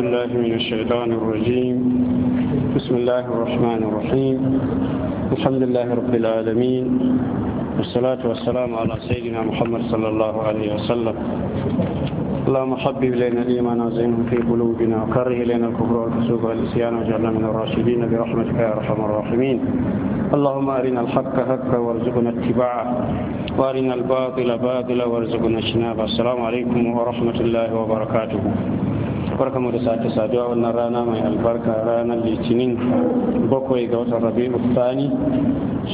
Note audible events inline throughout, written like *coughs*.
الله من الشيطان الرجيم بسم الله الرحمن الرحيم الحمد لله رب العالمين والصلاة والسلام على سيدنا محمد صلى الله عليه وسلم اللهم حبب لنا الإيمان وزينه في قلوبنا وكره لنا الكفر والفسوق والعصيان وجعلنا من الراشدين برحمتك يا أرحم الراحمين اللهم أرنا الحق حقا وارزقنا اتباعه وأرنا الباطل باطلا وارزقنا اجتنابه السلام عليكم ورحمة الله وبركاته barkamu da sake saduwa wannan rana mai albarka ranar litinin bakwai ga watan rabi'u thani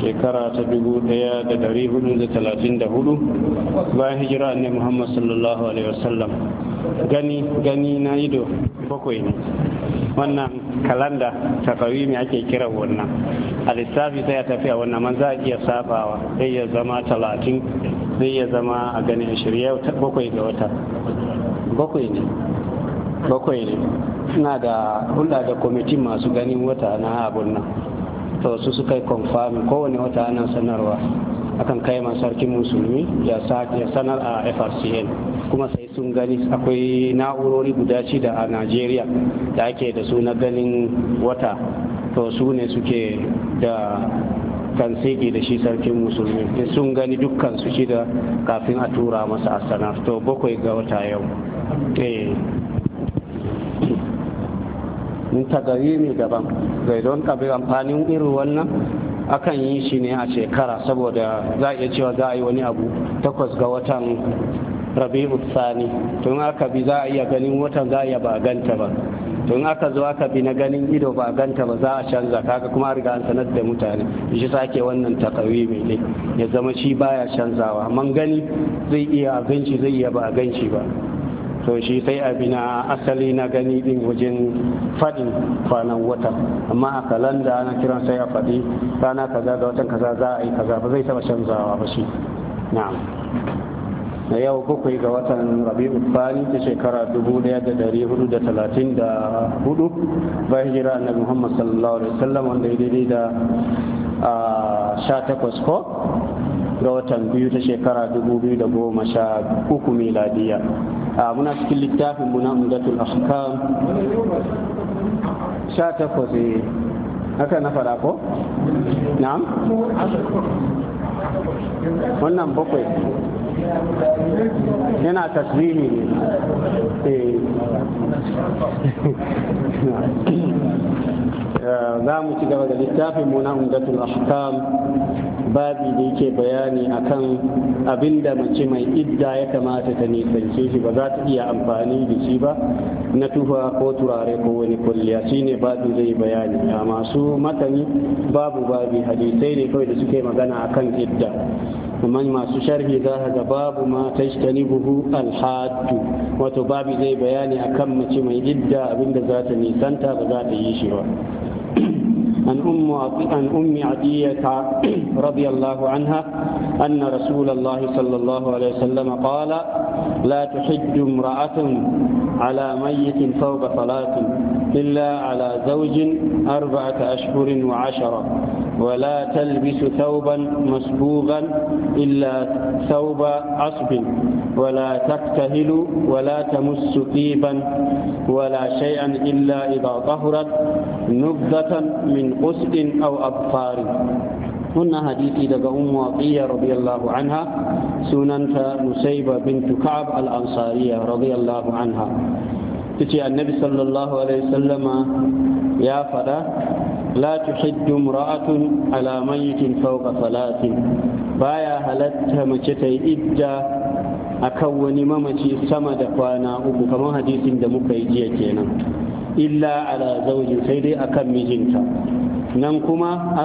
shekara ta dubu daya da dari hudu da talatin da hudu bayan hijira ne muhammad sallallahu alaihi wasallam gani gani na ido bakwai ne wannan kalanda ta mai ake kira wannan a lissafi sai ya tafiya wannan man za a iya sabawa zai ya zama talatin zai ya zama a ganin shirya bakwai ga wata bakwai ne bakwai na da hulɗa da kwamitin masu ganin wata na abun nan to su suka yi konfamin kowane wata ana sanarwa akan kai ma sarkin musulmi ya sanar a frcn kuma sai sun gani akwai na'urori guda shida a najeriya da ake da su na ganin wata to su ne suke da kan da shi sarkin musulmi sun gani dukkan su shida kafin a tura masa a sanar to bakwai ga wata yau eh. in ta tagarimi daban zai don kabi amfanin irin wannan akan yi shi ne a shekara saboda za a iya cewa za a yi wani abu takwas ga watan rabi'u sani tun aka bi za a iya ganin watan za a iya ba ba tun aka zo aka bi na ganin ido ba ganta ba za a canza kaga kuma riga an sanar da mutane shi sake wannan mai ne ya zama shi baya canzawa amma gani zai iya abinci zai iya ba ganci ba to shi sai a bina asali na gani din wajen faɗin kwanan wata amma a kalanda ana kiran sai a faɗi rana kaza ga watan kaza za a yi kaza ba zai taɓa canzawa ba shi na'am na yau bakwai ga watan rabi'u bani ta shekara 1434 bayan jira annabi muhammad sallallahu alaihi wasallam wanda ya daidai da sha takwas ko ga watan biyu ta shekara 2013 miladiya muna cikin littafin mu na umdatul ahkam 18 haka na fara ko na'am wannan bakwai yana tasiri ne Eh, za mu ci gaba da littafin mu na ungatul ahkam babi da yake bayani akan abinda da mace mai idda ya kamata ta nisance shi ba za ta iya amfani da shi ba na tufa ko turare ko wani kulliya shine babu zai bayani a masu matani babu babi hadisai ne kawai da suke magana akan idda kuman masu sharhi za ka ga babu ma buhu alhaddu wato babu zai bayani akan mace mai idda abinda za ta nisanta ba za ta yi shi ba عن أم عن أم عدية *coughs* رضي الله عنها أن رسول الله صلى الله عليه وسلم قال لا تحج امرأة على ميت فوق صلاة إلا على زوج أربعة أشهر وعشرة ولا تلبس ثوبا مسبوغا إلا ثوب عصب ولا تكتهل ولا تمس طيبا ولا شيئا إلا إذا طهرت نبذة من qusdin aw abfar wannan hadisi daga ummu aqiya radiyallahu anha sunanta nusayba bintu ka'ab al-ansariya radiyallahu anha tace annabi sallallahu alaihi wasallama ya fada la tuhiddu imra'atun ala mayyitin fawqa salatin baya halatta mace ta yi idda akan wani mamaci sama da kwana uku kamar hadisin da muka yi jiya kenan illa ala zaujin sai dai akan mijinta nan kuma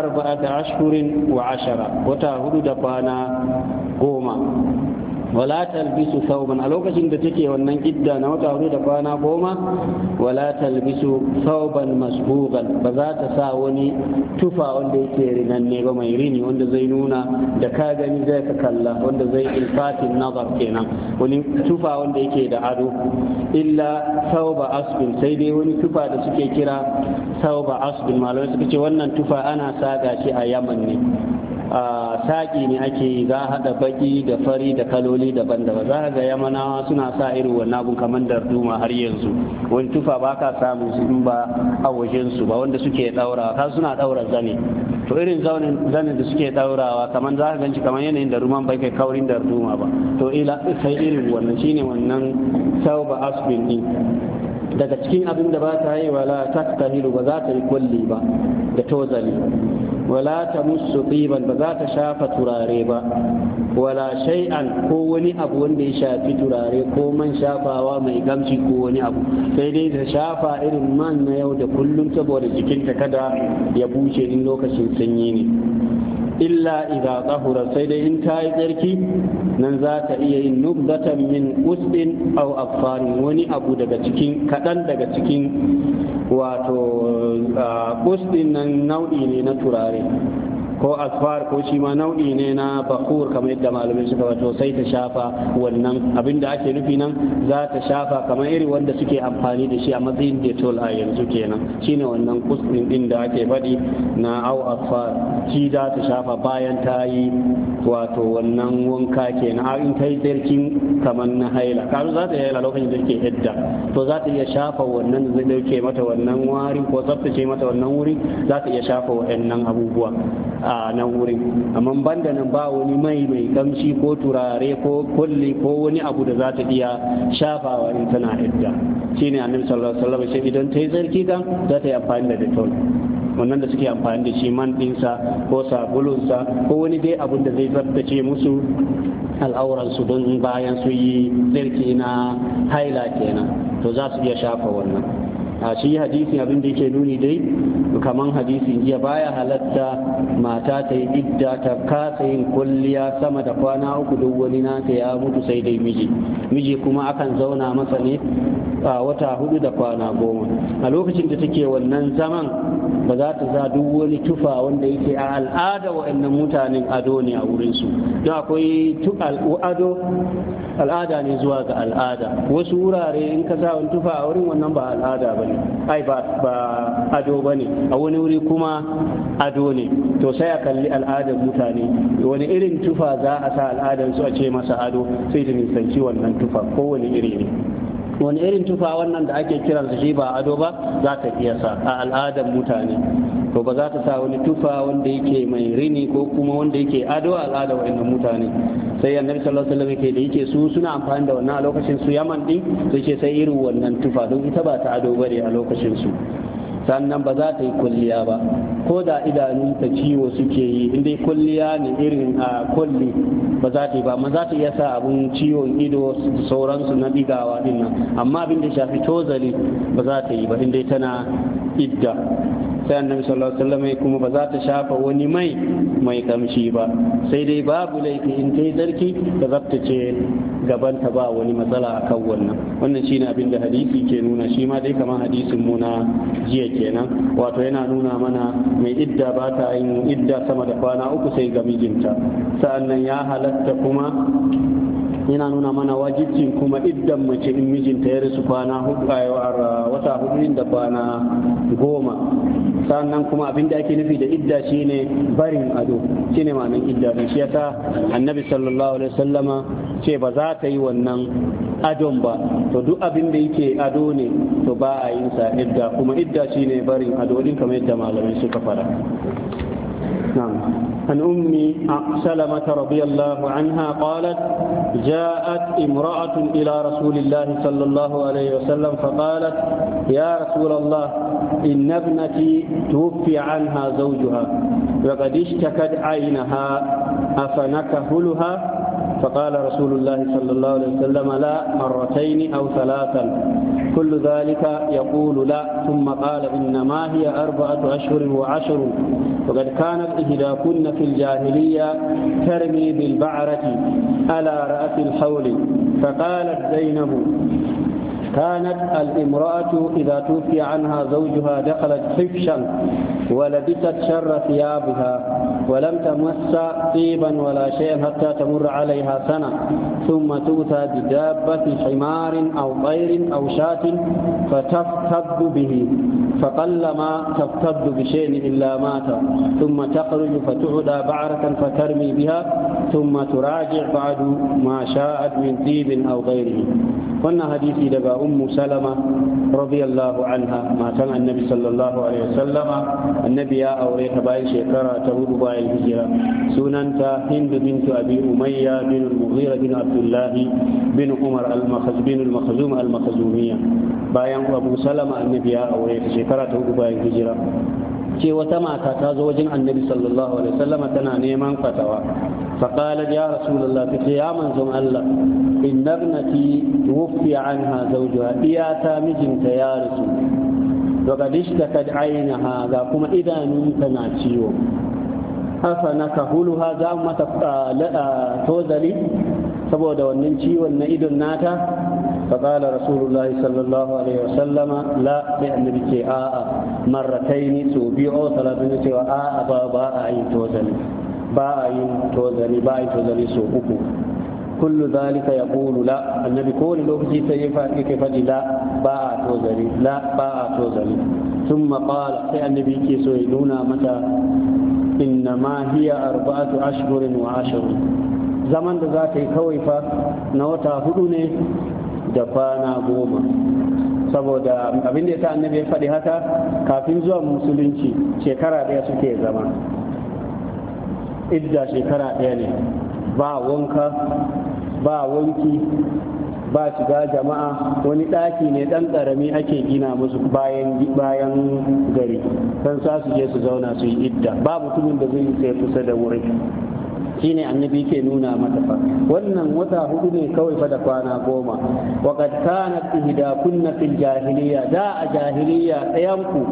da ashhurin wa ashara wata hudu da kwana goma wala talbisu sauban a lokacin da take wannan idda na wata hudu da kwana goma wala talbisu sauban masbugan ba za ta sa wani tufa wanda yake rinanne ba mai rini wanda zai nuna da ka gani zai ka kalla wanda zai ilfatin nazar kenan wani tufa wanda yake da ado illa sauba asbin sai dai wani tufa da suke kira sauba asbin malamai suka ce wannan tufa ana saga shi a yaman ne saƙi ne ake yi za a haɗa baƙi da fari da kaloli daban-daban za ga yamanawa suna sa irin wannan abun kamar darduma har yanzu wani tufa ba ka samu su in ba a wajensu ba wanda suke ɗaura ka suna ɗaura zane to irin zanen da suke ɗaurawa kamar za ka ganci kamar yanayin da ruman ba kai kaurin darduma ba to sai irin wannan shine wannan sauba asbin din daga cikin abin da ba ta yi wala ta ba za ta yi kulli ba da tozali wala ta musu tsiban ba za ta shafa turare ba wala shay'an ko wani abu wanda ya shafi turare ko man shafawa mai gamshi ko wani abu sai dai ta shafa irin man na yau da kullum saboda jikinta kada ya bushe in lokacin sanyi ne illa idza tahura sai dai in ta yi tsarki nan za ta iya yin nubdatan min usbin aw affarin wani abu daga cikin kadan daga cikin wato ah, usbin nan nau'i ne na turare ko asfar ko shi ma nau'i ne na bakur kamar yadda malamai suka wato sai ta shafa wannan abinda ake nufi nan za ta shafa kamar iri wanda suke amfani da shi a matsayin detol a yanzu kenan shine wannan kusurin din da ake faɗi na au asfar shi za ta shafa bayan ta yi wato wannan wanka kenan a in ta yi tsirkin kamar na haila ka za ta yi haila lokacin da take hidda to za ta iya shafa wannan zai dauke mata wannan wari ko tsaftace mata wannan wuri za ta iya shafa wa'annan abubuwa a nan wurin amma banda nan ba wani mai mai kamshi ko turare ko kulli ko wani abu da za ta iya shafawa in tana idda shine annabi sallallahu alaihi wasallam shi idan tayi zarki kan za ta yi amfani da dettol wannan da suke amfani da shi man ɗinsa ko sabulunsa ko wani dai abu da zai tsaftace musu al'auransu don bayan su yi zarki na haila kenan to za su iya shafa wannan a shi hadisin abin da yake nuni dai kaman hadisin jiya baya halatta mata ta yi idda ta kasa yin kulliya sama da kwana uku duk wani nata ya mutu sai dai miji miji kuma akan zauna masa ne a wata hudu da kwana goma a lokacin da take wannan zaman ba za ta za duk wani tufa wanda yake a al'ada wa'annan mutanen ado ne a wurinsu don akwai ado al'ada ne zuwa ga al'ada wasu wurare in ka sa tufa a wurin wannan ba al'ada ba ne ai ba ado ba ne a wani wuri kuma ado ne to sai a kalli al'adar mutane wani irin tufa za a sa al'adarsu a ce masa ado sai ta nisanci wannan tufa kowane iri ne wani irin tufa wannan da ake kiransa shi ba ado ba za ta iya sa a al'adar mutane to ba za ta sa wani tufa wanda yake mai rini ko kuma wanda yake ado a al'adar wa'annan mutane sai annabi sallallahu alaihi wasallam da yake su suna amfani da wannan a lokacin su yaman din sai ce sai irin wannan tufa don ita ba ta ado bane a lokacin su sannan ba za ta yi kulliya ba ko da idanunta ciwo suke yi indai kulliya ne irin a kulli ba za ta yi ba amma za ta iya sa abun ciwon ido sauransu na digawa din amma abin da shafi tozali ba za ta yi ba inda tana idda sai annabi sallallahu alaihi wasallam kuma ba za ta shafa wani mai mai kamshi ba sai dai babu laifi in ta yi zarki ta zabtace ta ba wani matsala akan wannan wannan shine abin da hadisi ke nuna shi ma dai kamar hadisin mu na jiya kenan wato yana nuna mana mai idda ba ta yin idda sama da kwana uku sai ga mijinta sa'annan ya halatta kuma yana nuna mana wajibcin kuma idan mace in mijinta ya rasu kwana hudu wata hudu da kwana goma sannan kuma abin da ake nufi da idda shine barin ado shine ma'anar idda ne shi yasa annabi sallallahu alaihi wasallama ce ba za ta yi wannan adon ba to duk abin da yake ado ne to ba a yin sa idda kuma idda shine barin ado din kamar yadda malamai suka fara عن أم سلمة رضي الله عنها قالت جاءت امرأة إلى رسول الله صلى الله عليه وسلم فقالت يا رسول الله إن ابنتي توفي عنها زوجها وقد اشتكت عينها أفنكهلها فقال رسول الله صلى الله عليه وسلم لا مرتين أو ثلاثا كل ذلك يقول لا ثم قال إنما هي أربعة أشهر وعشر وقد كانت إذا كنا في الجاهلية ترمي بالبعرة على رأس الحول فقالت زينب كانت الامرأة إذا توفي عنها زوجها دخلت حفشا ولبست شر ثيابها ولم تمس طيبا ولا شيئا حتى تمر عليها سنة ثم تؤتى بدابة حمار أو طير أو شاة فتفتد به فقلما تفتد بشيء إلا مات ثم تخرج فتعدى بعرة فترمي بها ثم تراجع بعد ما شاءت من طيب أو غيره قلنا حديثي لبا أم سلمة رضي الله عنها ما كان النبي صلى الله عليه وسلم النبي يا أوريها باين شكرا تهود أنواع الهجرة سننتا هند بنت أبي أمية بن المغيرة بن عبد الله بن عمر المخز بن المخزوم المخزومية bayan abu salama annabi ya aure shekara ta hudu bayan hijira ce wata mata ta zo wajen annabi sallallahu alaihi wasallam tana neman fatawa fa ya rasulullah ta ce ya manzon Allah inna ibnati tuwfi anha iyata mijinta ya rasu daga dishta kad ainaha kuma idanunta na ciwo haka na kahuluha za mata lada tozali saboda wannan ciwon na idon nata faƙala rasulullah sallallahu alaihi wasallama la sai annabi ce a'a marratai ni su biyu o ya cewa a'a ba a yin tozali ba a yin tozali ba a yin tozali so uku kullu zalika ya ƙulu la annabi kowane lokaci ya faɗi ke faɗi la ba a tozali la ba a tozali sun maƙala sai annabi ke so ya nuna mata Inna hiya arba'atu ashhurin wa ashrun zaman da za ta yi kawai fa na wata hudu ne da kwana goma saboda abin da ya sa annabi ya faɗi haka kafin zuwa musulunci shekara ɗaya suke zama idda shekara ɗaya ne ba wanka ba wanki ba shiga jama'a wani ɗaki ne ɗan ƙarami ake gina musu bayan bayan gari don sa su je su zauna su yi idda ba mutumin da zai sai kusa da wuri shine annabi ke nuna mata fa wannan wata hudu ne kawai fa da kwana goma wa kad kanat ihda kunna fil jahiliya da a jahiliya ɗayanku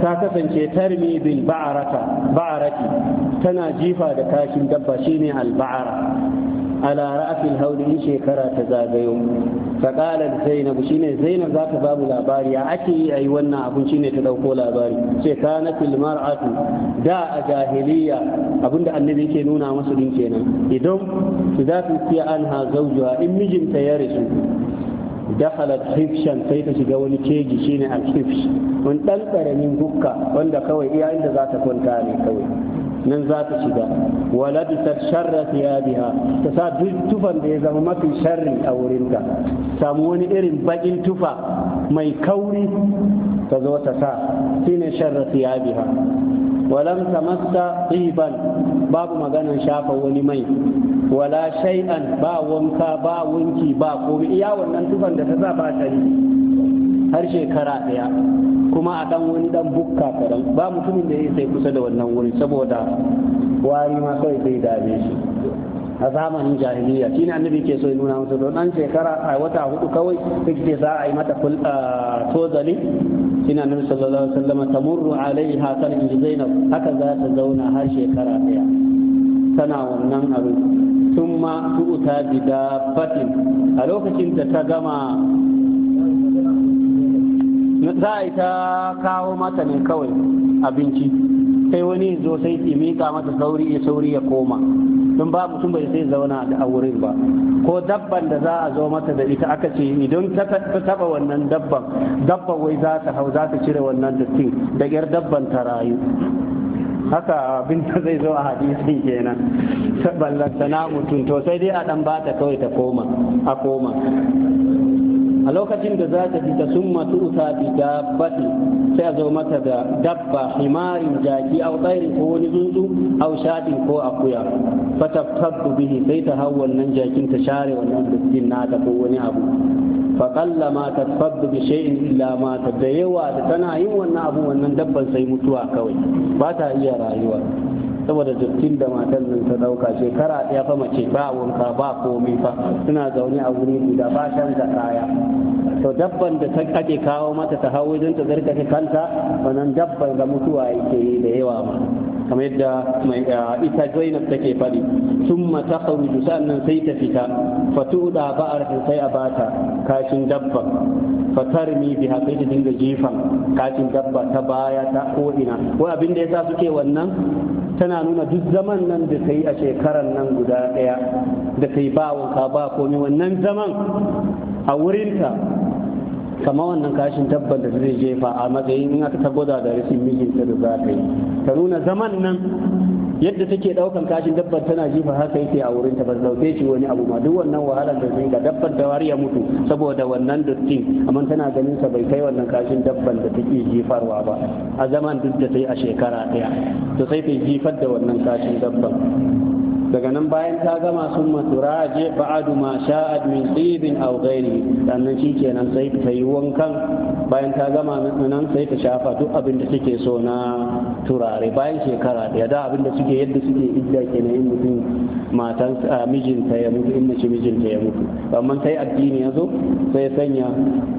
ta kasance tarmi bil ba'arata ba'arati tana jifa da kashin dabba shine al ba'ara ala ra'afil hauli in shekara ta zagayo fa qala zainab shine zainab za ta babu labari ya ake yi ayi wannan abun shine ta dauko labari ce kana fil mar'atu da a jahiliya abinda annabi yake nuna musu din kenan idan za ta fiya anha zawjuha in mijinta ya rasu dakhalat hifshan sai ta shiga wani keji shine al hifsh wani dan karamin hukka wanda kawai iya inda za ta kwanta ne kawai nan za ta shiga wa labisat sharra biya ta sa duk tufan da ya zama mafi sharri a wurinta samu wani irin bakin tufa mai kauri ta zo ta sa shine sharra biya. walam tamassa tsiban babu maganan shafa wani mai wala shay'an ba wanka ba wunki ba ko iya wannan tufan da ta sa ba shari'a har shekara ɗaya kuma a ɗan wani ɗan bukka kaɗan ba mutumin da ya sai kusa da wannan wuri saboda wari ma kawai zai dame shi a zamanin jahiliya shi ne annabi ke so ya nuna musu don ɗan shekara a wata hudu kawai kake za a yi mata tozali shi ne annabi sallallahu alaihi wasallam tamurru alaiha in zainab haka za ta zauna har shekara ɗaya tana wannan abin ثم da fatin a lokacin da ta gama za a yi ta kawo mata ne kawai abinci sai wani zo sai ya mika mata sauri ya sauri ya koma don ba mutum bai sai zauna da wurin ba ko dabban da za a zo mata da ita aka ce idan ta taba wannan dabban dabban wai za ta hau za ta cire wannan dattin da yar dabban ta rayu haka abin da zai zo a hadisin kenan na mutum to sai dai a dan bata kawai ta koma a koma a lokacin da za ta fita sun matu ta bi dabbati sai a zo mata da dabba himarin jaki au tsairin ko wani tsuntsu au shaɗin ko akuya fatafattu bihi sai ta hau wannan jakin ta share wannan dukkin nata ko wani abu faƙalla ma ta fadda bi shay'in illa ta. da yawa da tana yin wannan abu wannan dabban sai mutuwa kawai ba ta iya rayuwa saboda dattin da matan nan ta dauka shekara ɗaya fa mace ba wanka ba komai fa suna zaune a wuri guda ba shan da kaya to dabban da ta kake kawo mata ta hau wajen ta zarkace kanta wannan dabban ga mutuwa yake da yawa ma kamar yadda mai ita Zainab take faɗi thumma takhruju sannan sai ta fita fatuda ba'arha sai a bata kashin dabba fatarmi bi sai ta dinga jifan kashin dabba ta baya ta ko ko abin da yasa suke wannan tana nuna duk zaman nan da ta yi a shekarar nan guda ɗaya da ta yi ba wanka ba komi wannan zaman a wurinta kamar wannan kashin dabban da zai jefa a matsayin in aka ta gwada da rashin mijinta da za ta yi ta nuna zaman nan yadda take daukan kashin dabban tana jifa haka yake a wurin ta bazzaute shi wani abu ma duk wannan wahalar da zai ga dabban da har ya mutu saboda wannan duttin amma tana ganin sa bai kai wannan kashin dabban da take jifarwa ba a zaman duk da sai a shekara daya to sai ta jifar da wannan kashin dabban daga nan bayan ta gama sun matura je ba'adu ma sha'ad min tsibin aw ghairi sannan nan sai ta yi wankan bayan ta gama nan sai ta shafa duk abin da take so na turare bayan shekara ɗaya da abinda suke yadda suke idda kenan in mutum matan mijinta ya mutu in mace mijinta ya mutu amma sai addini ya zo sai sanya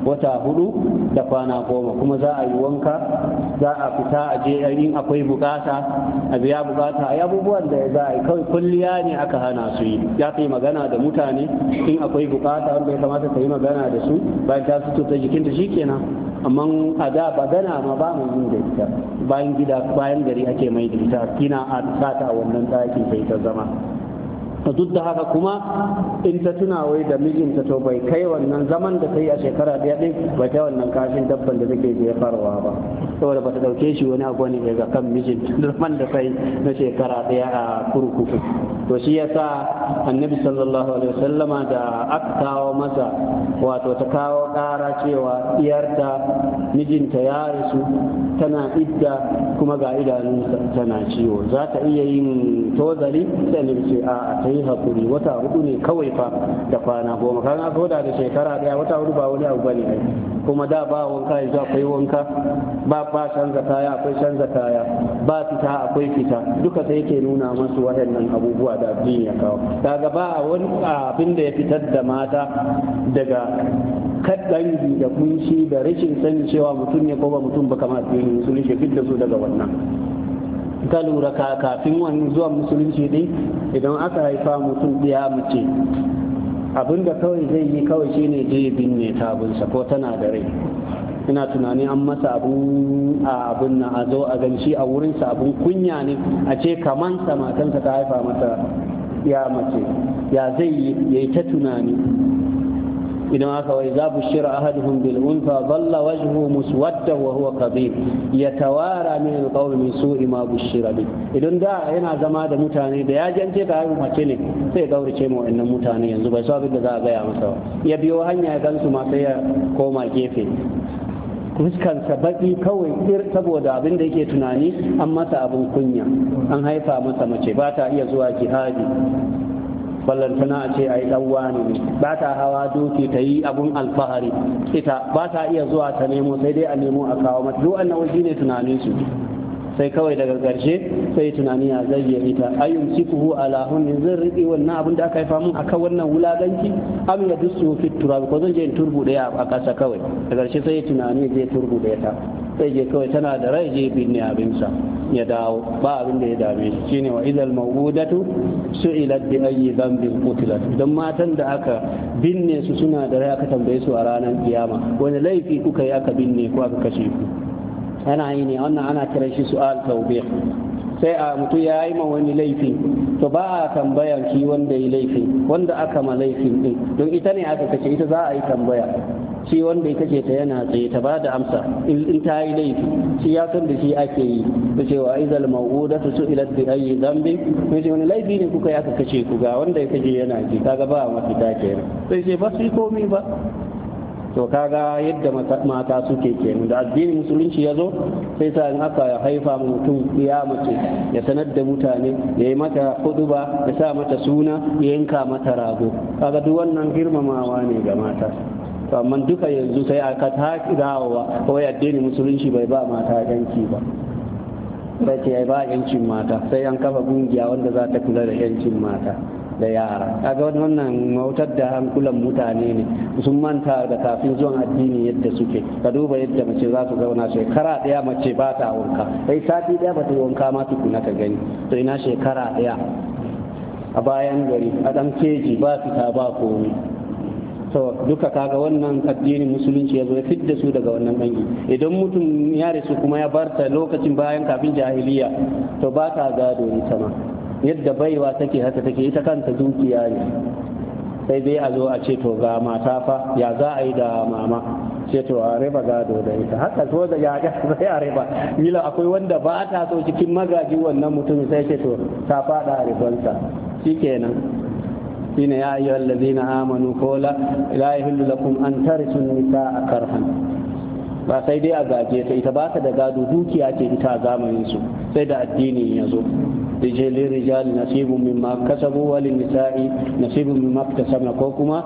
wata hudu da kwana goma kuma za a yi wanka za a fita a je in akwai bukata a biya bukata a yi abubuwan da za a yi kawai kulliya ne aka hana su yi ya kai magana da mutane in akwai bukata wanda ya kamata ka yi magana da su bayan ta fito ta jikinta shikenan amma a da magana ma ba mu yin da ita bayan gida bayan gari ake mai da ita kina a sata wannan dakin bai ta zama duk da haka kuma in ta tuna wai da mijinta to bai kai wannan zaman da kai a shekara daya din bai kai wannan kashin dabban da take jefarwa ba saboda ba ta ɗauke shi wani abu ne daga kan mijin *laughs* zaman da kai na shekara daya a kurkuku to shi sa, annabi sallallahu alaihi wasallama da aka kawo masa wato ta kawo ƙara cewa iyarta mijinta ya rasu tana idda kuma ga idanu tana ciwo za ta iya yin tozali sai annabi ce a ta yi hakuri wata hudu ne kawai fa da kwana goma kan aka hoda da shekara daya wata hudu ba wani abu ne. kuma da ba wanka yanzu akwai wanka ba ba canza kaya akwai canza kaya ba fita akwai fita duka sai yake nuna masu waɗannan abubuwa da abin ya kawo ba wani abin da ya fitar da mata daga kaɗangi da kunshi da rashin sani cewa mutum ne ko ba mutum ba kama addini musulunci fit da su daga wannan ka lura kafin wani zuwa musulunci din idan aka haifa mutum ɗaya mace abinda kawai zai yi kawai shine je binne tabinsa ko tana da rai ina tunanin an masa abin a na a zo a ganci a wurinsa sabon kunya ne a ce kamar matansa ta haifa mata ya mace ya zai yi ya ta tunani idan aka wai za bushira ahaduhum bil unfa dhalla wajhu muswadda wa huwa kadhib yatawara min al qawmi min su'i ma bushira bi idan da yana zama da mutane da ya jance ka haihu mace ne sai gaurace ma wa'annan mutane yanzu bai so abin da za a gaya masa ba ya biyo hanya ya gansu ma sai ya koma gefe fuskansa baki kawai ir saboda abin da yake tunani an masa abin kunya an haifa masa mace ba ta iya zuwa jihadi ballantana a ce a yi ɗan ne ba ta hawa doki ta yi abun alfahari ita ba ta iya zuwa ta nemo sai dai a nemo a kawo mata duk annabi ne tunanin su sai kawai daga ƙarshe sai tunani ya zai ita ayyun sikuhu ala hunni zan riƙe wannan abin da aka haifa mun akan wannan wulaganci am ya dusu fi turabi ko zan je in turbu daya a ƙasa kawai da ƙarshe sai tunani je turbu daya ta sai je kawai tana da rai je binne abinsa ya dawo ba abin da ya dame shi shine wa idal mawudatu su'ilat bi ayyi dhanbin qutilat idan matan da aka binne su suna da rai aka tambaye su a ranar kiyama wani laifi kuka yi aka binne ko aka kashe ku yana yi ne wannan ana kiran shi su'al taube sai a mutu ya yi ma wani laifi to ba a tambayan shi wanda ya laifi wanda aka ma laifin din don ita ne aka kace ita za a yi tambaya shi wanda ya ce ta yana tsaye ta bada amsa in ta yi laifi shi ya san da shi ake yi ta cewa izal mawuda su su ila da ayi zambi ko ce wani laifi ne kuka ya aka kace ku ga wanda ya kace yana ji kaga ba mafita kenan sai ce ba su yi komai ba to kaga yadda mata suke kenan da addinin musulunci ya zo sai sa in aka haifa mutum ya mace ya sanar da mutane ya yi mata huduba ya sa mata suna ya yanka mata rago kaga duk wannan girmamawa ne ga mata to amma duka yanzu sai aka taki ko addinin musulunci bai ba mata yanki ba sai ce ba yancin mata sai an kafa kungiya wanda za ta kula da yancin mata da yara kaga wannan mautar da hankulan mutane ne sun manta da kafin zuwan addini yadda suke ka duba yadda mace za su zauna shekara daya mace ba ta wanka sai sati daya ba ta wanka ma tukuna ka gani to ina shekara daya a bayan gari a dan keji ba ta ba komi. to duka kaga wannan addinin musulunci ya zo ya fidda su daga wannan dangi idan mutum ya rasu kuma ya barta lokacin bayan kafin jahiliya to ba ta gado ita ma yadda baiwa take haka take ita kanta dukiya ne sai dai a zo a ce to ga mata fa ya za a yi da mama ce to a riba gado da ita haka zo da ya sai a riba mila akwai wanda ba ta so cikin magaji wannan mutum sai ce to ta fada a ribansa shikenan ne ya yi zai na amanu ko la la yahillu kuma an ta a karfan ba sai dai a gaje ta ita ba ta da gado dukiya ce ita a zamaninsu sai da addinin ya zo lirijal nasibun mimma kasabu wa nisa'i nasibun mimma kasabna ko kuma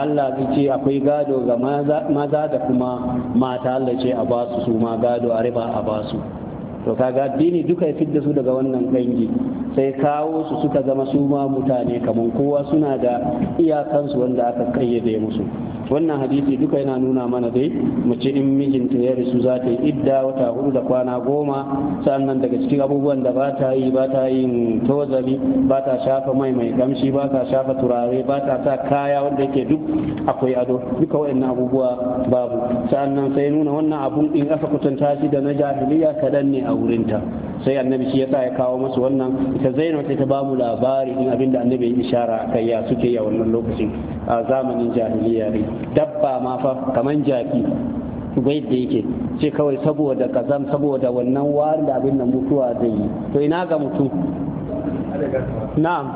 Allah ya ce akwai gado ga maza da kuma mata Allah ce a basu su ma gado a riba a basu to kaga addini duka ya fidda su daga wannan dangi sai kawo su suka zama su ma mutane kamar kowa suna da iyakansu wanda aka kayyade musu wannan hadisi duka yana nuna mana dai mace in mijinta ya rasu za ta yi idda wata hudu da kwana goma sannan daga cikin abubuwan da ba ta yi ba ta yin tozali ba ta shafa mai mai gamshi ba ta shafa turare ba ta sa kaya wanda yake duk akwai ado duka waɗannan abubuwa babu sannan sai nuna wannan abun in aka kutanta shi da na jahiliya kadan ne a wurinta sai annabi shi yasa ya kawo masu wannan ita zainab ta babu labari in abinda annabi ya ishara kai ya suke yi a wannan lokacin a zamanin jahiliya ne dabba ma fa kaman jaki bai da yake ce kawai saboda kazam saboda wannan warin da abin da mutuwa zai yi to ina ga mutum na'am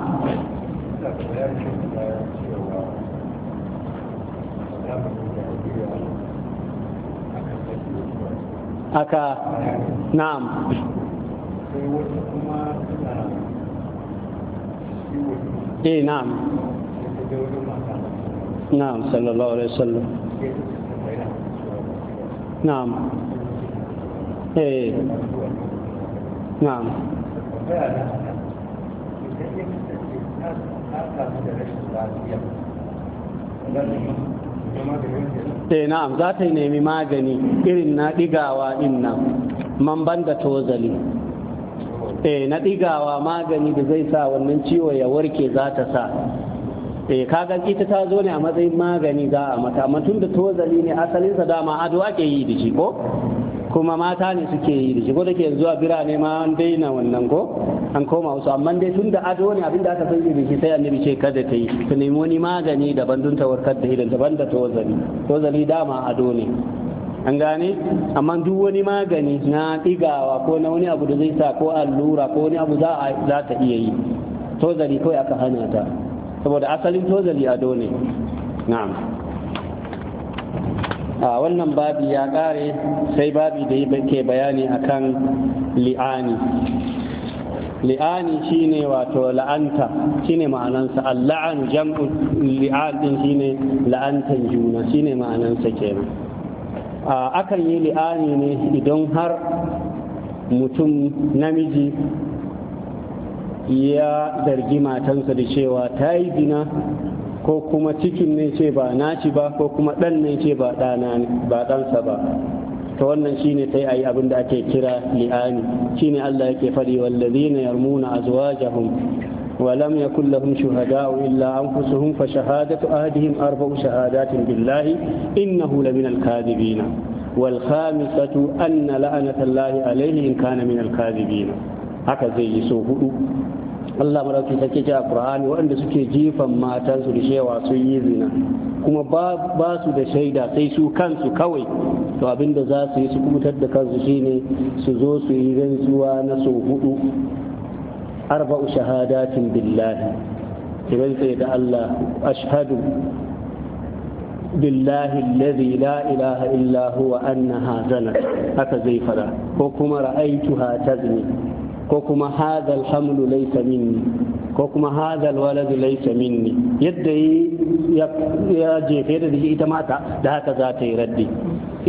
aka na'am eh na'am نعم صلى الله عليه وسلم نعم ايه نعم eh na'am za ta nemi magani irin na ɗigawa ɗin nan man banda tozali eh na ɗigawa magani da zai sa wannan ciwo ya warke za ta sa eh kaga ita ta zo ne a matsayin magani za a mata amma tun da tozali ne asalinsa dama adwa ke yi da shi ko kuma mata ne suke yi da shi ko da ke zuwa birane ma an daina wannan ko an koma wasu amma dai tun da ado ne abinda aka san da shi sai annabi ce kada ta yi su nemi wani magani daban don ta warkar da idan daban da tozali tozali dama ado ne an gane amma duk wani magani na ɗigawa ko na wani abu da zai sa ko allura ko wani abu za ta iya yi tozali kawai aka hana ta saboda asalin tozali ado ne na'am a wannan babi ya kare sai babi da ke bayani akan li'ani li'ani shine wato la'anta shine ma'anansa alla'an jam'u li'an din shine la'antan juna shine ma'anansa kenan akan yi li'ani ne idan har mutum namiji ya zargi matansa da cewa ta yi zina ko kuma cikin ne ce ba naci ba ko kuma ɗan ne ce ba ɗansa ba ta wannan shine ne sai a yi abin da ake kira li'ani shi ne Allah yake faɗi wallazi na yarmuna a zuwa jahun walam ya kullahun shuhada wa illa an kusa hun fa shahadatu ahadihim arba shahadatin billahi innahu hula min alkadibina wal khamisatu anna la'anatallahi alaihi in kana min alkadibina haka zai yi so hudu Allah marauki sake ce a Qur'ani waɗanda suke jifan matansu da shewa sun yi zina kuma ba su da shaida sai su kansu kawai to abinda za su yi su kubutar da kansu shine su zo su yi rantsuwa na so hudu arba'u shahadatin billahi ki rantsa da Allah ashhadu billahi alladhi la ilaha illa huwa annaha haka zai fara ko kuma ra'aituha tazni ko kuma hadal hamlu laysa minni ko kuma hadal waladu laysa minni yadda ya jefe da ita mata da haka za ta yi raddi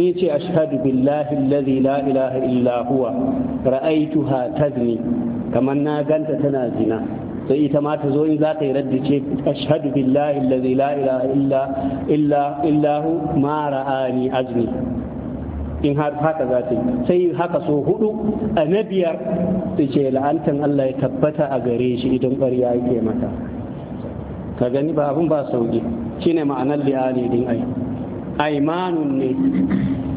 In ce ashhadu billahi alladhi la ilaha illa huwa ra'aituha tazni kamar na ganta tana zina sai ita ma ta zo in za ta yi raddi ce ashhadu billahi alladhi la ilaha illa illa illahu ma ra'ani azni in har haka za ta yi sai haka so hudu a na biyar su ce la'antan Allah ya tabbata a gare shi idan ƙarya yake mata ka gani ba abin ba shi ne ma'anar li'ani din ai aimanun ne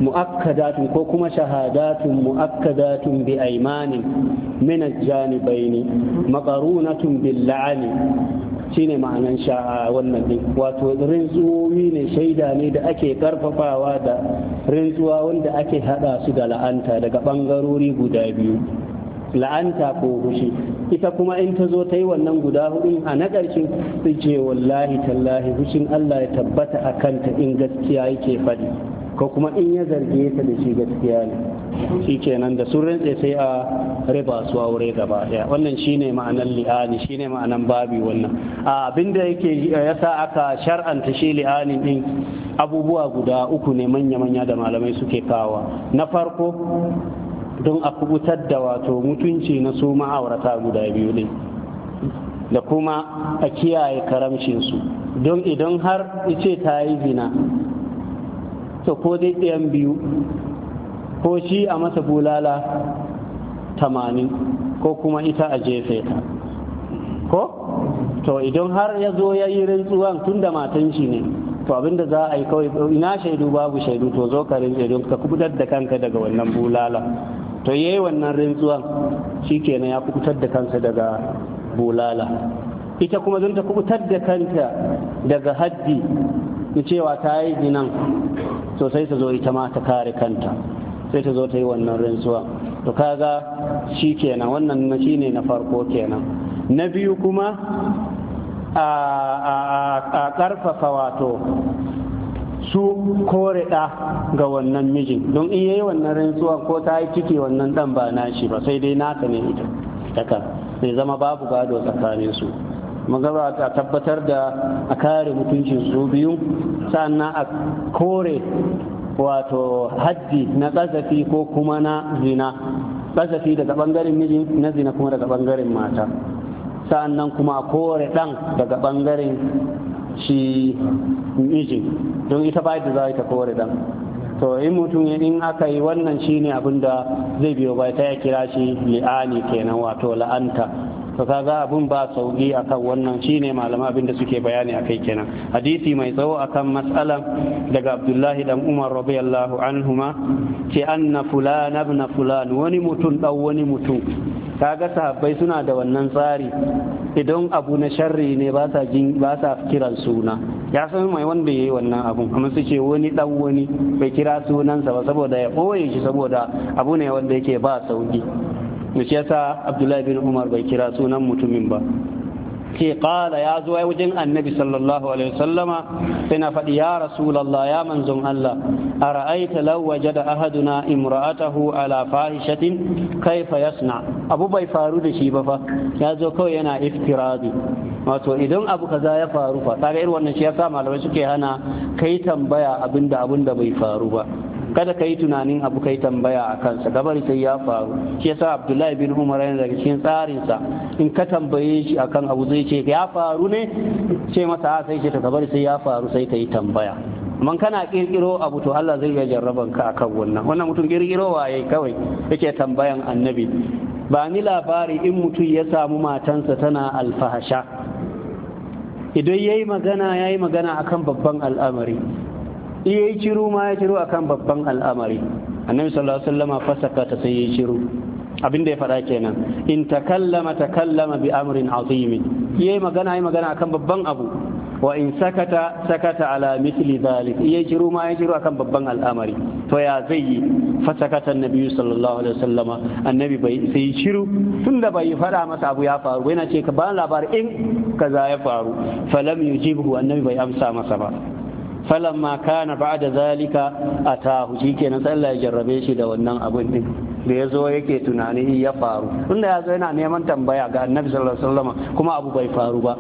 mu'akkadatun ko kuma shahadatun mu'akkadatun bi aimanin min janibaini maqarunatun bil la'ani shine ma'anan sha'a wannan din wato rintsuwoyi ne shaida ne da ake karfafawa da rintsuwa wanda ake hada su da la'anta daga bangarori guda biyu la'anta ko fushi ita kuma in ta zo ta yi wannan guda hudu a na ƙarshen su ce wallahi tallahi fushin Allah ya tabbata a kanta in gaskiya yake faɗi ko kuma in ya zarge ta da shi gaskiya ne kenan da sun rantse sai a riba su aure gaba daya wannan shine ma'anar li'ani shine ma'anar babi wannan abinda yake yasa aka shar'anta shi li'ani din abubuwa guda uku ne manya-manya da malamai suke kawa na farko don a kubutar da wato mutunci na su ma'aurata guda biyu ne da kuma a kiyaye karamcinsu don idan har ice ta yi zina to ko dai ɗayan biyu ko shi a masa bulala tamanin ko kuma ita a jefe ta ko to idan har ya zo ya yi rintsuwan tun da matan shi ne to abinda za a yi kawai ina shaidu babu shaidu to zo ka rintse don ka kubutar da kanka daga wannan bulala to ya yi wannan rintsuwan shi na ya kubutar da kansa daga bulala ita kuma don ta kubutar da kanta daga haddi cewa ta yi ginan sosai ta zo ita ma ta kare kanta sai ta zo ta yi wannan rantsuwa to kaga shi kenan wannan na shi ne na farko kenan na biyu kuma a ƙarfafa wato su kore ɗa ga wannan mijin don in yayi wannan rantsuwa ko ta yi ciki wannan dan ba na shi ba sai dai naka ne ita daga zai zama babu gado tsakanin su ba a tabbatar da a kare mutuncin su biyu sannan a kore wato haddi na ƙazafi ko kuma na zina ƙazafi daga bangaren miji na zina kuma daga bangaren mata sa'annan kuma a kore ɗan daga bangaren shi miji don ita ba da za ta kore dan to in mutum in aka yi wannan shine abin da zai biyo bai ta ya kira shi li'ani kenan wato la'anta to kaga abun ba sauki akan wannan shine malama abin da suke bayani akai kenan hadisi mai tsawo akan mas'ala daga Abdullahi dan Umar radiyallahu anhuma ce anna fulan ibn fulan wani mutum dan wani mutum kaga sahabbai suna da wannan tsari idan abu na sharri ne ba sa kiran suna ya san mai wanda ya wannan abun amma su wani dan wani bai kira sunansa ba saboda ya boye shi saboda abu ne wanda yake ba sauki da shi yasa abdullahi bin umar bai kira sunan mutumin ba Ke kala ya zo wajen annabi sallallahu alaihi wasallama na faɗi ya rasulallah ya manzon Allah a ra'aita law da ahaduna imra'atahu ala fahishatin kai yasna abu bai faru da shi ba fa ya zo kawai yana iftirazi wato idan abu kaza ya faru fa kaga irin wannan shi yasa malamai suke hana kai tambaya abinda abinda bai faru ba kada ka yi tunanin abu kai tambaya a kansa gabari sai ya faru shi yasa abdullahi bin umar yana daga cikin tsarinsa in ka tambaye shi akan abu zai ce ya faru ne ce masa a sai ce ta gabari sai ya faru sai ka yi tambaya man kana kirkiro abu to Allah zai iya jarraban ka akan wannan wannan mutum kirkiro waye kawai yake tambayan annabi ba ni labari in mutum ya samu matansa tana alfahasha idan yayi magana yayi magana akan babban al'amari ya yi shiru ma ya shiru akan babban al'amari annabi sallallahu alaihi wasallam fasaka ta sai ya yi shiru abin ya faɗa kenan in takallama takallama bi amrin azim yayi magana yayi magana akan babban abu wa in sakata sakata ala mithli dhalik yayi shiru ma yayi shiru akan babban al'amari to ya zai yi fasakata sakata annabi sallallahu alaihi wasallama annabi bai sai shiru tunda bai faɗa masa abu ya faru yana ce ka ba labari in kaza ya faru falam yujibhu annabi bai amsa masa ba falamma kana ba'da zalika atahu shikenan sai Allah ya jarrabe shi da wannan abun din da ya zo yake tunani ya faru tunda ya zo yana neman tambaya ga annabi sallallahu alaihi wasallam kuma abu bai faru ba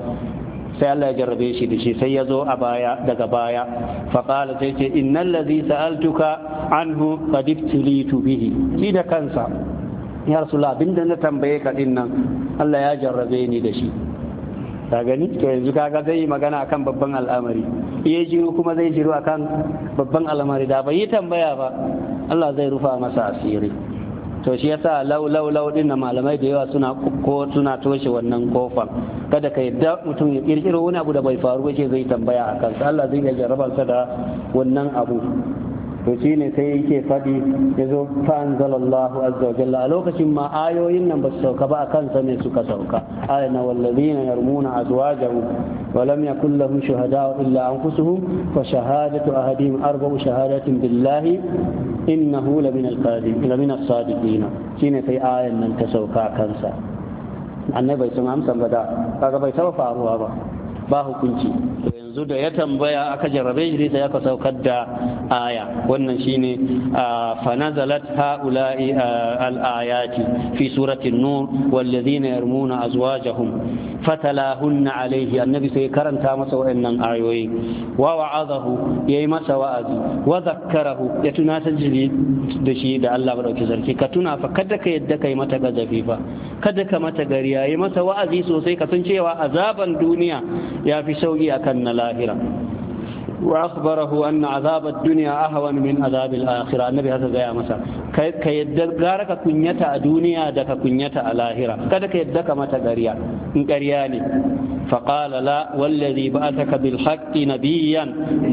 sai Allah ya jarrabe shi da shi sai ya zo a baya daga baya qala sai ce innal ladhi sa'altuka anhu qad ibtilitu bihi shi da kansa ya rasulullah abinda na tambaye ka din nan Allah ya jarrabe ni da shi ka gani to yanzu kaga zai yi magana akan babban al'amari iya jiru kuma zai jiru akan babban al'amari da bai yi tambaya ba Allah zai rufa masa asiri to shi yasa lau lau lau din malamai da yawa suna ko suna toshe wannan kofar kada ka yadda mutum ya kirkiro wani abu da bai faru ba zai tambaya akan Allah zai ya jarabansa da wannan abu to shi ne sai yake faɗi ya zo fa'anzalallahu azza a lokacin ma ayoyin nan ba su sauka ba a kansa ne suka sauka aya na na yarmuna jamu. wa lam yakul lahum shuhada illa anfusuhum fa shahadatu ahadihim arba'u shahadatin billahi innahu lamin al-qadim lamin sai ayan nan ta sauka kansa annabi bai san amsa ba da kaga bai taɓa faruwa ba ba hukunci yanzu da ya tambaya aka jarrabe shi ya aka saukar da aya wannan shine fanazalat haula'i al-ayati fi surati nur walladhina yarmuna azwajahum fatalahunna alayhi annabi sai karanta masa wayannan ayoyi wa wa'adahu yayi masa wa'azi wa zakkarahu ya tunatar da shi da Allah madauki sarki ka tuna fa kada ka yadda kai mata gazafi fa kada ka mata gari yayi masa wa'azi sosai ka san cewa azaban duniya ya fi sauki akan na الآخرة وأخبره أن عذاب الدنيا أهون من عذاب الآخرة النبي هذا يا مسا كي غارك كنيتا الدنيا دك كنيتا الآخرة كذا كي كيدك ما تقريا قرياني فقال لا والذي بعثك بالحق نبيا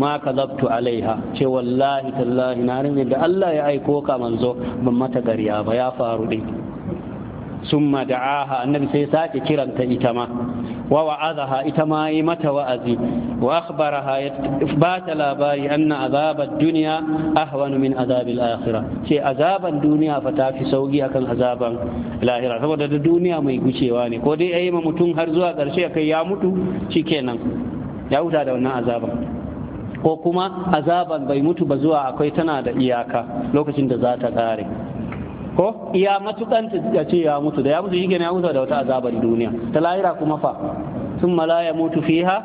ما كذبت عليها شو والله تالله نارين الله يا منزو من ما تقريا بيا فارودي summa mada'aha annabi sai sake kiranta ita ma wa wa'azaha ita ma yi mata wa'azi wa akhbaraha ba ta labari anna azabar duniya ahwanu min azabil akhirah ce azaban duniya fa ta fi sauki akan azaban lahira saboda da duniya mai gucewa ne ko dai yayi ma mutum har zuwa karshe kai ya mutu shikenan ya huta da wannan azaban ko kuma azaban bai mutu ba zuwa akwai tana da iyaka lokacin da za ta ƙare ko iya matukan ya ce ya mutu da ya mutu shi ya mutu da wata azabar duniya ta lahira kuma fa sun ya mutu fiha يموت فيها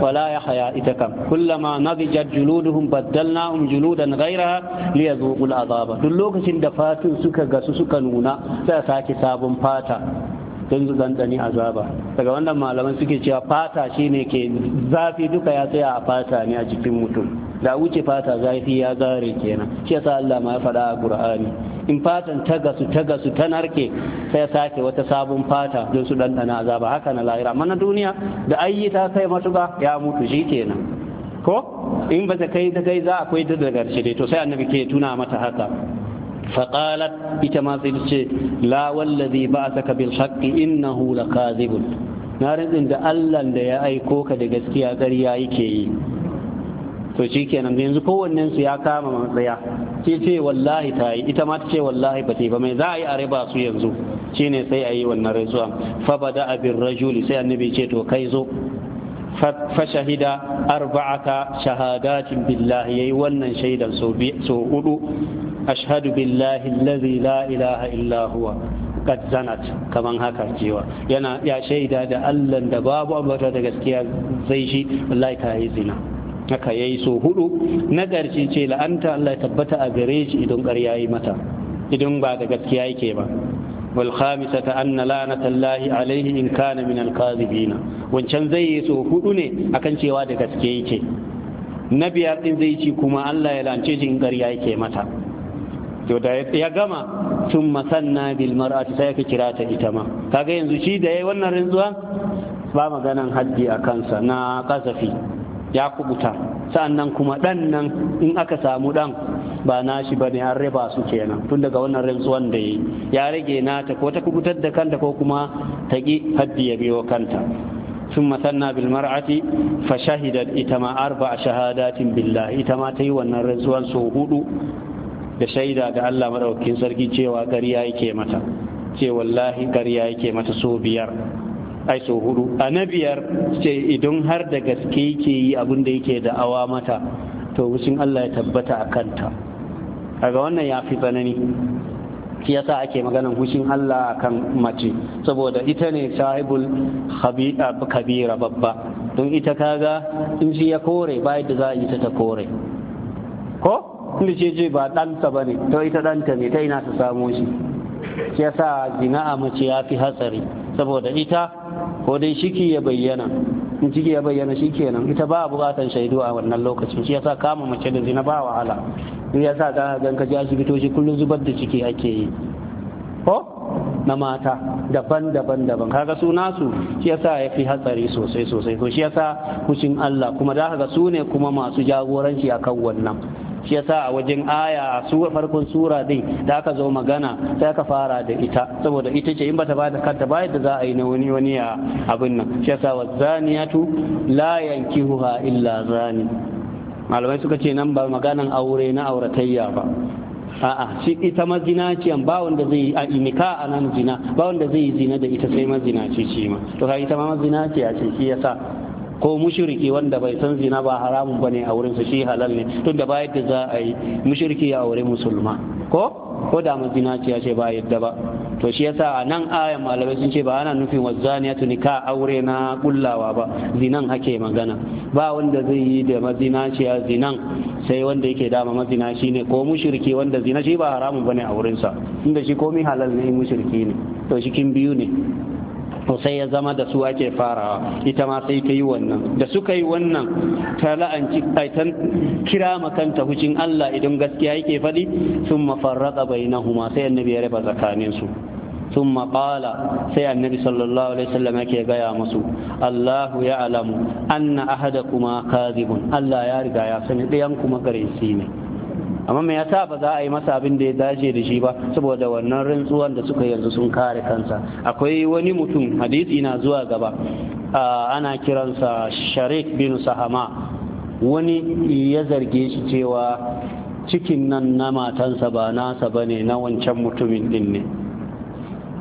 ولا يحيا إتكم كلما نضجت جلودهم بدلناهم جلودا غيرها ليذوقوا azaba duk lokacin da fatun suka gasu suka nuna sai sake sabon fata don su dandani azaba daga wannan malaman suke cewa fata shine ke zafi duka ya tsaya a fata ne a jikin mutum da wuce fata zafi ya gare kenan shi yasa Allah ma ya faɗa a Qur'ani in fatan ta gasu ta gasu ta narke sai ya sake wata sabon fata don su ɗanɗana azaba haka na lahira amma na duniya da ayi ta kai matuƙa ya mutu shi kenan ko in ba ta kai ta kai za a kai ta daga ƙarshe dai to sai annabi ke tuna mata haka faƙalat ita ma sai ce la wallazi ba'athaka bil haqqi innahu lakazibun na rinzin da allah da ya aiko ka da gaskiya gari yake ke yi to shi kenan yanzu kowannensu ya kama matsaya ke ce wallahi ta yi ita ma ta ce wallahi ba ba mai za a yi a riba su yanzu shi ne sai a yi wannan rayuwa fa ba da abin rajuli sai annabi ce to kai zo fa shahida arba'ata shahadatin billahi yayi wannan shaidan so so hudu ashhadu billahi allazi la ilaha kaman haka cewa yana ya shaida da Allah da babu abata da gaskiya zai shi wallahi ta yi zina haka yayi so hudu na ƙarshe ce la'anta Allah ya tabbata a gare shi idan ƙarya yi mata idan ba da gaskiya yake ba wal ta anna la'nata Allah alaihi in kana min al wancan zai yi so hudu ne akan cewa da gaske yake na biyar din zai ci kuma Allah ya lance shi in ƙarya yake mata to da ya gama sun masanna bil mar'ati sai ka kira ta ita ma kaga yanzu shi da yayi wannan rantsuwa? ba maganan haddi a kansa na kasafi ya kubuta sa'annan kuma ɗan nan in aka samu ɗan ba nashi ba ne an raba su kenan tun daga wannan rantsuwan da yi ya rage nata ko ta kubutar da kanta ko kuma ta ƙi haddi ya biyo kanta arba a بالمرأة فشهدت billa, ita ma tayi wannan rantsuwan الرزوان huɗu da shaida ga Allah madaukakin sarki cewa ƙarya yake mata ce wallahi ƙarya yake mata so biyar ai so hudu a na biyar ce idan har da gaske yake yi abin da yake da awa mata to wucin Allah ya tabbata a kanta kaga wannan ya fi tsanani shi yasa ake maganan hushin Allah akan mace saboda ita ne sahibul kabira babba don ita kaga in shi ya kore ba yadda za a yi ta kore ko inda ce ce ba ɗansa ba ne to ita ɗanta ne ta ina ta samo shi shi yasa zina a mace ya fi hatsari saboda ita ko dai shiki ya bayyana in ciki ya bayyana shi kenan ita ba a bukatan shaidu a wannan lokacin shi yasa kama mace da zina ba wahala shi ya sa gan ka ji shi kullum zubar da ciki ake yi ko na mata daban-daban daban kaga su nasu shi yasa ya fi hatsari sosai sosai to shi yasa kucin Allah kuma da ga su ne kuma masu jagoranci akan wannan shi yasa a wajen aya a su farkon sura din da aka zo magana sai aka fara da ita saboda ita ce in bata ba da kanta ba yadda za a yi na wani wani a abin nan shi yasa wa zaniyatu la yankihuha illa zani malamai suka ce nan ba maganan aure na auratayya ba a'a shi ita mazinaciyan ba wanda zai yi a imika a nan zina ba wanda zai yi zina da ita sai mazinaci ce ma to ka ita ma mazinaciya ce shi yasa ko mushriki wanda bai san zina ba haramun bane a wurin su shi halal ne tunda ba yadda za a yi mushriki a aure musulma ko ko da mazina ce ya ce ba yadda ba to shi yasa a nan ayan malamai sun ce ba ana nufin wazzaniya tuni ka aure na kullawa ba zinan hake magana ba wanda zai yi da mazina ce ya zinan sai wanda yake dama mazina shi ne ko mushriki wanda zina shi ba haramun bane a wurinsa inda shi komai halal ne mushriki ne to shi kin biyu ne to sai ya zama da su ake farawa ita ma sai ta yi wannan da suka yi wannan ta la'anci aitan kira makanta hucin Allah idan gaskiya yake faɗi sun na huma sai annabi ya raba tsakanin su sun maƙala sai annabi sallallahu alaihi wasallam yake gaya masu, Allahu ya alamu anna ahada kuma kazibun Allah ya riga ya sani ɗayan kuma garesi ne amma me yasa ba za a yi masa abin da ya dace da shi ba saboda wannan rantsuwan da suka yanzu sun kare kansa akwai wani mutum hadisi na zuwa gaba ana kiransa sharik bin sahama wani ya zarge shi cewa cikin nan na matansa ba nasa ba ne na wancan mutumin din ne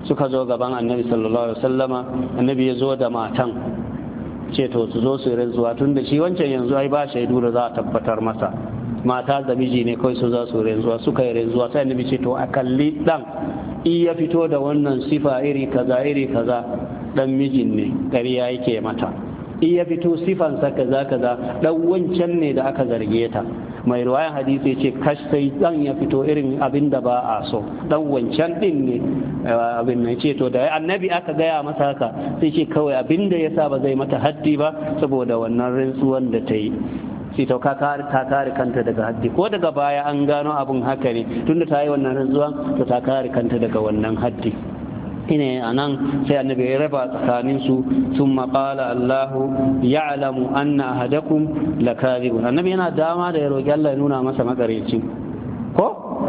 suka zo gaban annabi sallallahu alaihi wasallama annabi ya zo da matan ce to su zo su rantsuwa tun da shi wancan yanzu ai ba shaidu da za a tabbatar masa mata da miji ne kawai su za su renzuwa suka yi renzuwa sai annabi ce to a kalli dan in fito da wannan sifa iri kaza iri kaza dan mijin ne ƙarya yake mata in ya fito sifansa kaza kaza dan wancan ne da aka zarge ta mai ruwayan hadisi ce kash sai dan ya fito irin abin da ba a so dan wancan din ne eh, abin nan ce to da annabi aka gaya masa haka sai ce kawai abinda yasa ba zai mata haddi ba saboda wannan rantsuwan da ta yi sai to ka kare kanta daga haddi ko daga baya an gano abun haka ne tunda tayi wannan rantsuwa to ta kare kanta daga wannan haddi ine a nan sai annabi ya raba su sun maƙala Allahu ya alamu an na ahadakum annabi yana dama da ya roƙi Allah ya nuna masa makareci ko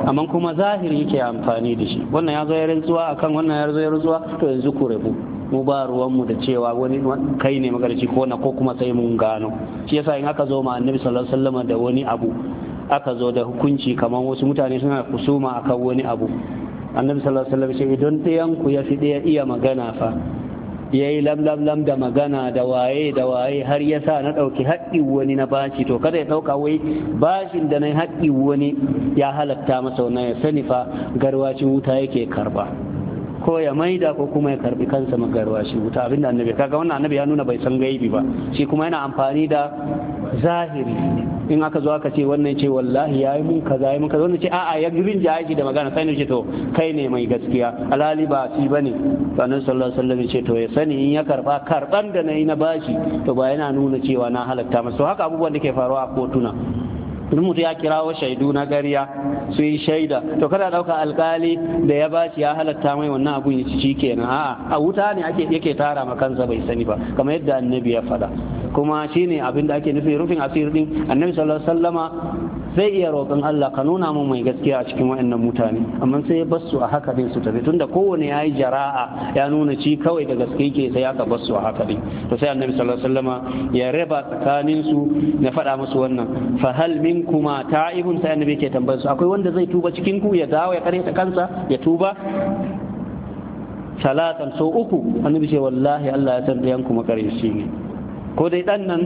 amma kuma zahiri yake amfani da shi wannan ya zo ya rantsuwa akan wannan ya zo ya rantsuwa to yanzu ku rabu mu ba ruwanmu da cewa wani kai ne magarci ko na ko kuma sai mun gano shi yasa in aka zo ma annabi sallallahu alaihi wasallam da wani abu aka zo da hukunci kamar wasu mutane suna kusuma akan wani abu annabi sallallahu alaihi wasallam shi idan ɗayan ku ya fi ɗaya iya magana fa ya yi lam da magana da waye da waye har ya sa na ɗauki haƙƙi wani na bashi to kada ya ɗauka wai bashin da na haƙƙi wani ya halatta masa wannan ya sani fa garwacin wuta yake karba ko ya maida ko kuma ya karbi kansa magarwa shi wuta abinda annabi kaga wannan annabi ya nuna bai san gaibi ba shi kuma yana amfani da zahiri in aka zo aka ce wannan ce wallahi yayi mun kaza yayi mun kaza wannan ce a'a ya girin jaji da magana sai ne ce to kai ne mai gaskiya alali ba shi bane sannan sallallahu alaihi wasallam ce to ya sani in ya karba karban da nayi na bashi to ba yana nuna cewa na halatta masa To haka abubuwan da ke faruwa a kotuna in mutum ya kirawo shaidu na gariya su yi shaida to kada dauka alkali da ya bashi ya halatta mai wannan abun ya ci kenan a'a a wuta ne ake yake tara ma kansa bai sani ba kamar yadda annabi ya faɗa kuma shine abin da ake nufi rufin asiri din annabi sallallahu alaihi wasallama zai iya roƙon Allah ka nuna mu mai gaskiya a cikin wa'annan mutane amma sai ya su a haka din su tafi tunda kowane yi jara'a ya nuna ci kawai da gaske ke sai aka bar su a haka dai to sai annabi sallallahu alaihi wasallama ya raba tsakanin su ya faɗa musu wannan fa hal minkuma ta'ibun sai annabi ke tambayar su akwai wanda zai tuba cikin ku ya dawo ya kare ta kansa ya tuba salatan so uku annabi ce wallahi Allah ya san da yanku makarici ne ko dai dan nan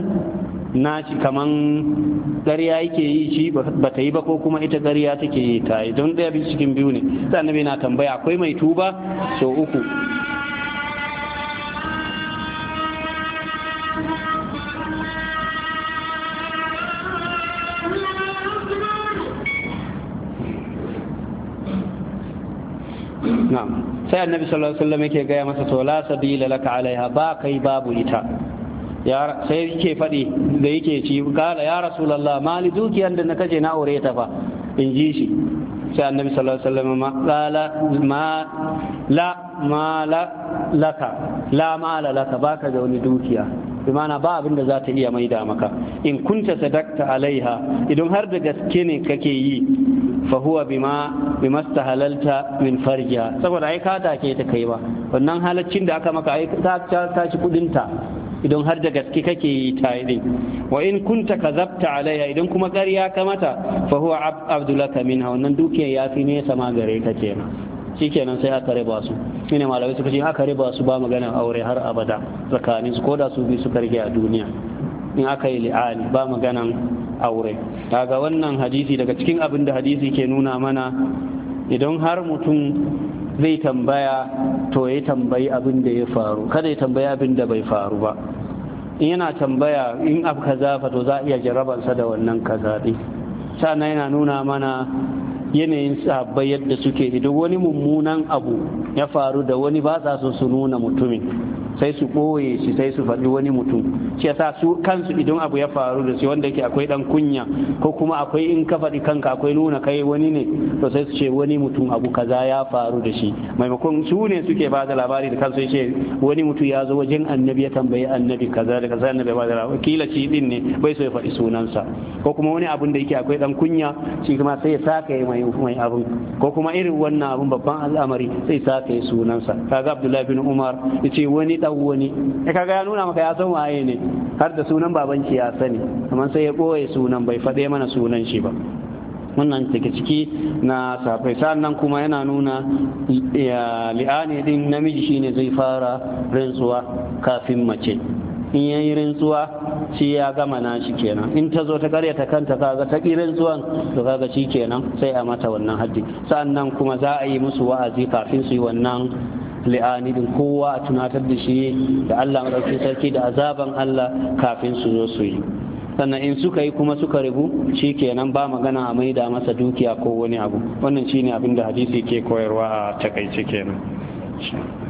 Na shi kaman ƙarya yake yi shi ba ta yi ba ko kuma ita ƙarya take yi ta yi don ɗaya cikin biyu ne sai annabi na tambaya akwai mai tuba so uku sai annabi sallallahu alaihi wasallam yake gaya masa to la sabila laka alaiha ba kai babu ita sai yake faɗi da yake ci kala ya rasulallah mali dukiyar da na kaje na aure ta fa in ji shi sai annabi sallallahu alaihi wasallam ma ma la ma la laka la laka baka da wani dukiya bi mana ba abin da za ta iya maida maka in kunta sadakta alaiha idan har da gaske ne kake yi fa huwa bima bima stahalalta min farjiha saboda ai ka take ta kai ba wannan halaccin da aka maka ai ta ci kudin ta idan har da gaske kake yi ta yi wa in kunta kazabta alaiya idan kuma ƙarya ka mata fa huwa abdulaka minha wannan dukiyar ya fi nesa ma gare ka kenan sai aka riba su shine malamai suka ce aka riba su ba magana aure har abada tsakanin su koda su bi su karge a duniya in aka yi li'ani ba maganan aure kaga wannan hadisi daga cikin abin da hadisi ke nuna mana idan har mutum zai tambaya to ya tambayi abin da ya faru kada ya tambayi abin da bai faru ba in yana tambaya in abu kaza fa to za a iya jarabansa da wannan kaza din sannan yana nuna mana yanayin sabbai yadda suke duk wani mummunan abu ya faru da wani ba sa su nuna mutumin sai su ɓoye shi sai su faɗi wani mutum shi yasa su kansu idan abu ya faru da shi wanda yake akwai dan kunya ko kuma akwai in ka faɗi kanka akwai nuna kai wani ne to sai su ce wani mutum abu kaza ya faru da shi maimakon su ne suke ba da labari da kansu ce wani mutum ya zo wajen annabi ya tambayi annabi kaza da kaza annabi ba da labari kila shi din ne bai so ya faɗi sunansa ko kuma wani abun da yake akwai dan kunya shi kuma sai ya saka mai mai abun ko kuma irin wannan abun babban al'amari sai saka sunansa kaga Abdullahi bin Umar yace wani dan wani ya kaga ya nuna maka ya san waye ne har da sunan babanki ya sani amma sai ya boye sunan bai faɗe mana sunan shi ba wannan take ciki na safai sannan kuma yana nuna li'ani din namiji shine zai fara rantsuwa kafin mace in yayi rantsuwa shi ya gama na shi kenan in ta zo ta ta kanta kaga ta ƙi rantsuwan to kaga shi kenan sai a mata wannan haddi sannan kuma za a yi musu wa'azi kafin su yi wannan li'anidin kowa a tunatar da shi da Allah madaukakin sarki da azaban Allah kafin su zo su yi sannan in suka yi kuma suka rabu kenan ba magana a maida masa dukiya ko wani abu wannan shine abin da hadisi ke koyarwa a takaice kenan